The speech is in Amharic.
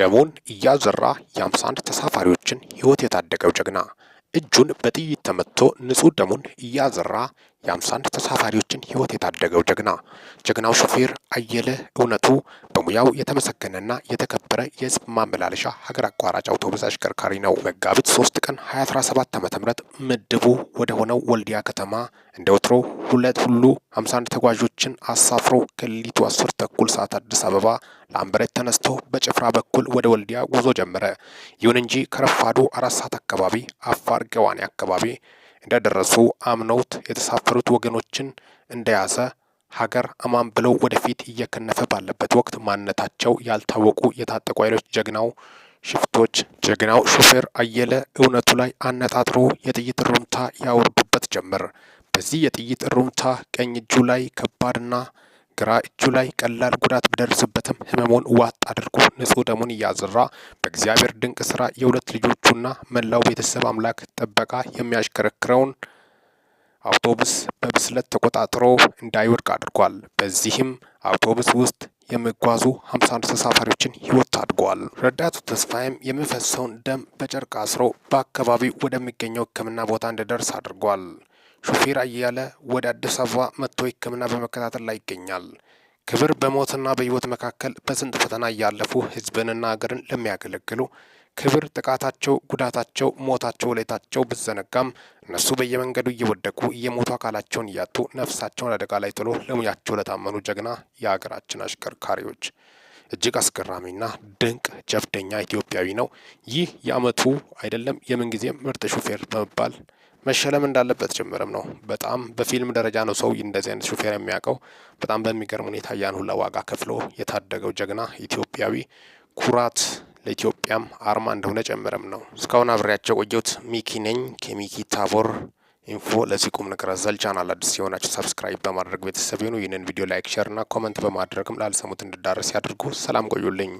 ደሙን እያዘራ የ51 ተሳፋሪዎችን ህይወት የታደገው ጀግና እጁን በጥይት ተመትቶ ንጹህ ደሙን እያዘራ የአምሳንድ ተሳፋሪዎችን ህይወት የታደገው ጀግና ጀግናው ሾፌር አየለ እውነቱ በሙያው የተመሰገነና የተከበረ የህዝብ ማመላለሻ ሀገር አቋራጭ አውቶቡስ አሽከርካሪ ነው። መጋቢት ሶስት ቀን 2017 ዓ.ም ምድቡ ወደ ሆነው ወልዲያ ከተማ እንደ ወትሮ ሁለት ሁሉ 51 ተጓዦችን አሳፍሮ ከሌሊቱ አስር ተኩል ሰዓት አዲስ አበባ ለአንበረት ተነስቶ በጭፍራ በኩል ወደ ወልዲያ ጉዞ ጀመረ። ይሁን እንጂ ከረፋዱ አራት ሰዓት አካባቢ አፋር ገዋኔ አካባቢ እንደደረሱ አምነውት የተሳፈሩት ወገኖችን እንደያዘ ሀገር አማን ብለው ወደፊት እየከነፈ ባለበት ወቅት ማንነታቸው ያልታወቁ የታጠቁ ኃይሎች ጀግናው ሽፍቶች ጀግናው ሹፌር አየለ እውነቱ ላይ አነጣጥሮ የጥይት ሩምታ ያወርዱበት ጀመር። በዚህ የጥይት ሩምታ ቀኝ እጁ ላይ ከባድና ግራ እጁ ላይ ቀላል ጉዳት ቢደርስበትም ህመሙን ዋጥ አድርጎ ንጹህ ደሙን እያዘራ በእግዚአብሔር ድንቅ ስራ የሁለት ልጆቹና መላው ቤተሰብ አምላክ ጥበቃ የሚያሽከረክረውን አውቶቡስ በብስለት ተቆጣጥሮ እንዳይወድቅ አድርጓል። በዚህም አውቶቡስ ውስጥ የሚጓዙ 51 ተሳፋሪዎችን ህይወት ታድጓል። ረዳቱ ተስፋዬም የሚፈሰውን ደም በጨርቅ አስሮ በአካባቢው ወደሚገኘው ሕክምና ቦታ እንዲደርስ አድርጓል። ሹፌር አያለ ወደ አዲስ አበባ መጥቶ ሕክምና በመከታተል ላይ ይገኛል። ክብር በሞትና በህይወት መካከል በስንት ፈተና እያለፉ ህዝብንና ሀገርን ለሚያገለግሉ ክብር ጥቃታቸው፣ ጉዳታቸው፣ ሞታቸው፣ ሌታቸው ብዘነጋም እነሱ በየመንገዱ እየወደቁ እየሞቱ አካላቸውን እያጡ ነፍሳቸውን አደጋ ላይ ጥሎ ለሙያቸው ለታመኑ ጀግና የሀገራችን አሽከርካሪዎች እጅግ አስገራሚና ድንቅ ጀብደኛ ኢትዮጵያዊ ነው። ይህ የአመቱ አይደለም የምንጊዜም ምርጥ ሹፌር በመባል መሸለም እንዳለበት ጭምርም ነው። በጣም በፊልም ደረጃ ነው ሰው እንደዚህ አይነት ሹፌር የሚያውቀው። በጣም በሚገርም ሁኔታ ያን ሁላ ዋጋ ከፍሎ የታደገው ጀግና ኢትዮጵያዊ ኩራት ለኢትዮጵያም አርማ እንደሆነ ጨምረም ነው። እስካሁን አብሬያቸው ቆየሁት። ሚኪ ነኝ ከሚኪ ታቦር ኢንፎ። ለዚህ ቁም ነገር አዘል ቻናል አዲስ የሆናችሁ ሰብስክራይብ በማድረግ ቤተሰብ ይሁኑ። ይህንን ቪዲዮ ላይክ፣ ሼር እና ኮመንት በማድረግም ላልሰሙት እንድዳረስ ያድርጉ። ሰላም ቆዩልኝ።